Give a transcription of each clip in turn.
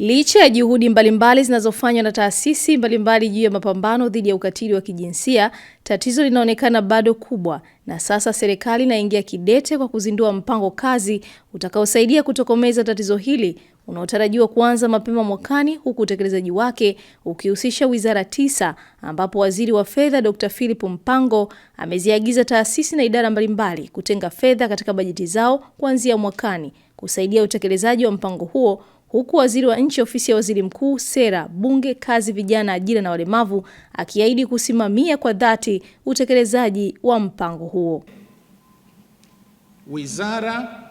Licha ya juhudi mbalimbali zinazofanywa na taasisi mbalimbali juu ya mapambano dhidi ya ukatili wa kijinsia, tatizo linaonekana bado kubwa, na sasa serikali inaingia kidete kwa kuzindua mpango kazi utakaosaidia kutokomeza tatizo hili unaotarajiwa kuanza mapema mwakani, huku utekelezaji wake ukihusisha wizara tisa, ambapo Waziri wa Fedha Dr. Philip Mpango ameziagiza taasisi na idara mbalimbali kutenga fedha katika bajeti zao kuanzia mwakani kusaidia utekelezaji wa mpango huo huku waziri wa nchi ofisi ya waziri mkuu, sera, bunge, kazi, vijana, ajira na walemavu akiahidi kusimamia kwa dhati utekelezaji wa mpango huo. Wizara,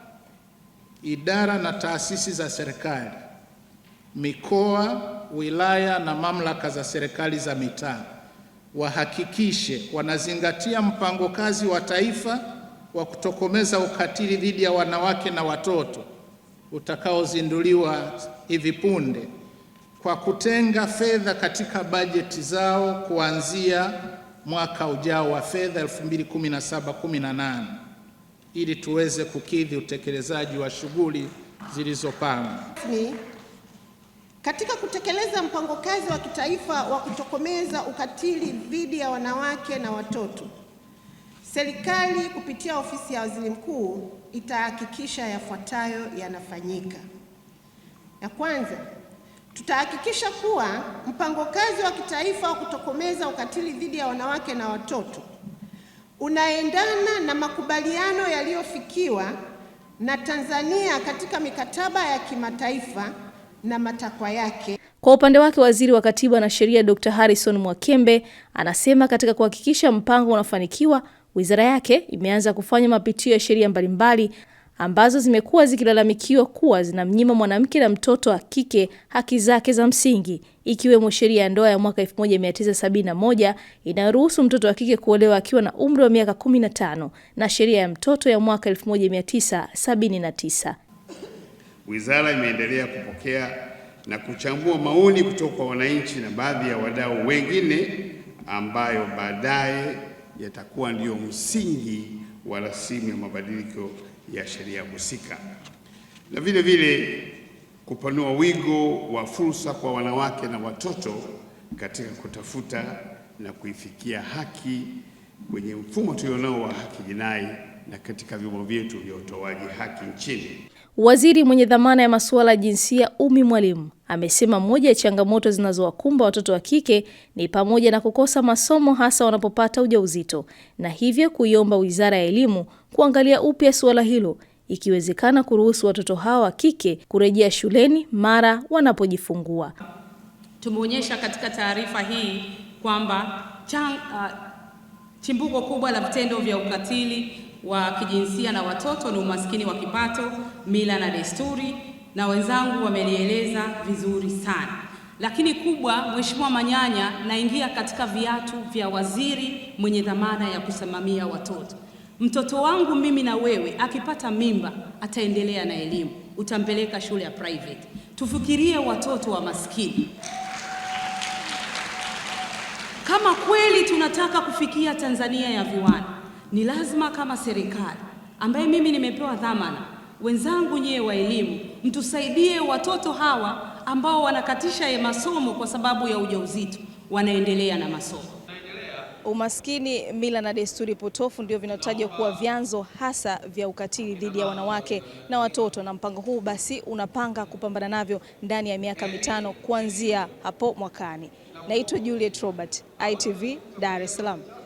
idara na taasisi za serikali, mikoa, wilaya na mamlaka za serikali za mitaa wahakikishe wanazingatia mpango kazi wa taifa wa kutokomeza ukatili dhidi ya wanawake na watoto utakaozinduliwa hivi punde kwa kutenga fedha katika bajeti zao kuanzia mwaka ujao wa fedha 2017-18 ili tuweze kukidhi utekelezaji wa shughuli zilizopangwa. Katika kutekeleza mpango kazi wa kitaifa wa kutokomeza ukatili dhidi ya wanawake na watoto Serikali kupitia ofisi ya waziri mkuu itahakikisha yafuatayo yanafanyika. Ya kwanza, tutahakikisha kuwa mpango kazi wa kitaifa wa kutokomeza ukatili dhidi ya wanawake na watoto unaendana na makubaliano yaliyofikiwa na Tanzania katika mikataba ya kimataifa na matakwa yake. Kwa upande wake, waziri wa Katiba na Sheria Dr. Harrison mwakembe anasema katika kuhakikisha mpango unafanikiwa Wizara yake imeanza kufanya mapitio ya sheria mbalimbali ambazo zimekuwa zikilalamikiwa kuwa zinamnyima mwanamke na mtoto wa kike haki zake za msingi, ikiwemo sheria ya ndoa ya mwaka 1971 inayoruhusu mtoto wa kike kuolewa akiwa na umri wa miaka 15 na sheria ya mtoto ya mwaka 1979. Wizara imeendelea kupokea na kuchambua maoni kutoka kwa wananchi na baadhi ya wadau wengine ambayo baadaye yatakuwa ndio msingi wa rasimu ya mabadiliko ya sheria husika, na vile vile kupanua wigo wa fursa kwa wanawake na watoto katika kutafuta na kuifikia haki kwenye mfumo tulionao wa haki jinai na katika vyombo vyetu vya utoaji haki nchini. Waziri mwenye dhamana ya masuala ya jinsia umi Mwalimu amesema moja ya changamoto zinazowakumba watoto wa kike ni pamoja na kukosa masomo hasa wanapopata ujauzito na hivyo kuiomba Wizara ya Elimu kuangalia upya suala hilo ikiwezekana kuruhusu watoto hawa wa kike kurejea shuleni mara wanapojifungua. Tumeonyesha katika taarifa hii kwamba chang, uh, ah, chimbuko kubwa la vitendo vya ukatili wa kijinsia na watoto ni umaskini wa kipato, mila na desturi, na wenzangu wamelieleza vizuri sana. Lakini kubwa, Mheshimiwa Manyanya, naingia katika viatu vya waziri mwenye dhamana ya kusimamia watoto. Mtoto wangu mimi na wewe akipata mimba ataendelea na elimu, utampeleka shule ya private. Tufikirie watoto wa maskini. Kama kweli tunataka kufikia Tanzania ya viwanda ni lazima kama serikali ambaye mimi nimepewa dhamana, wenzangu nyie wa elimu, mtusaidie watoto hawa ambao wanakatisha masomo kwa sababu ya ujauzito, wanaendelea na masomo. Umaskini, mila na desturi potofu ndio vinatajwa kuwa vyanzo hasa vya ukatili dhidi ya wanawake na watoto, na mpango huu basi unapanga kupambana navyo ndani ya miaka mitano kuanzia hapo mwakani. Naitwa Juliet Robert, ITV, Dar es Salaam.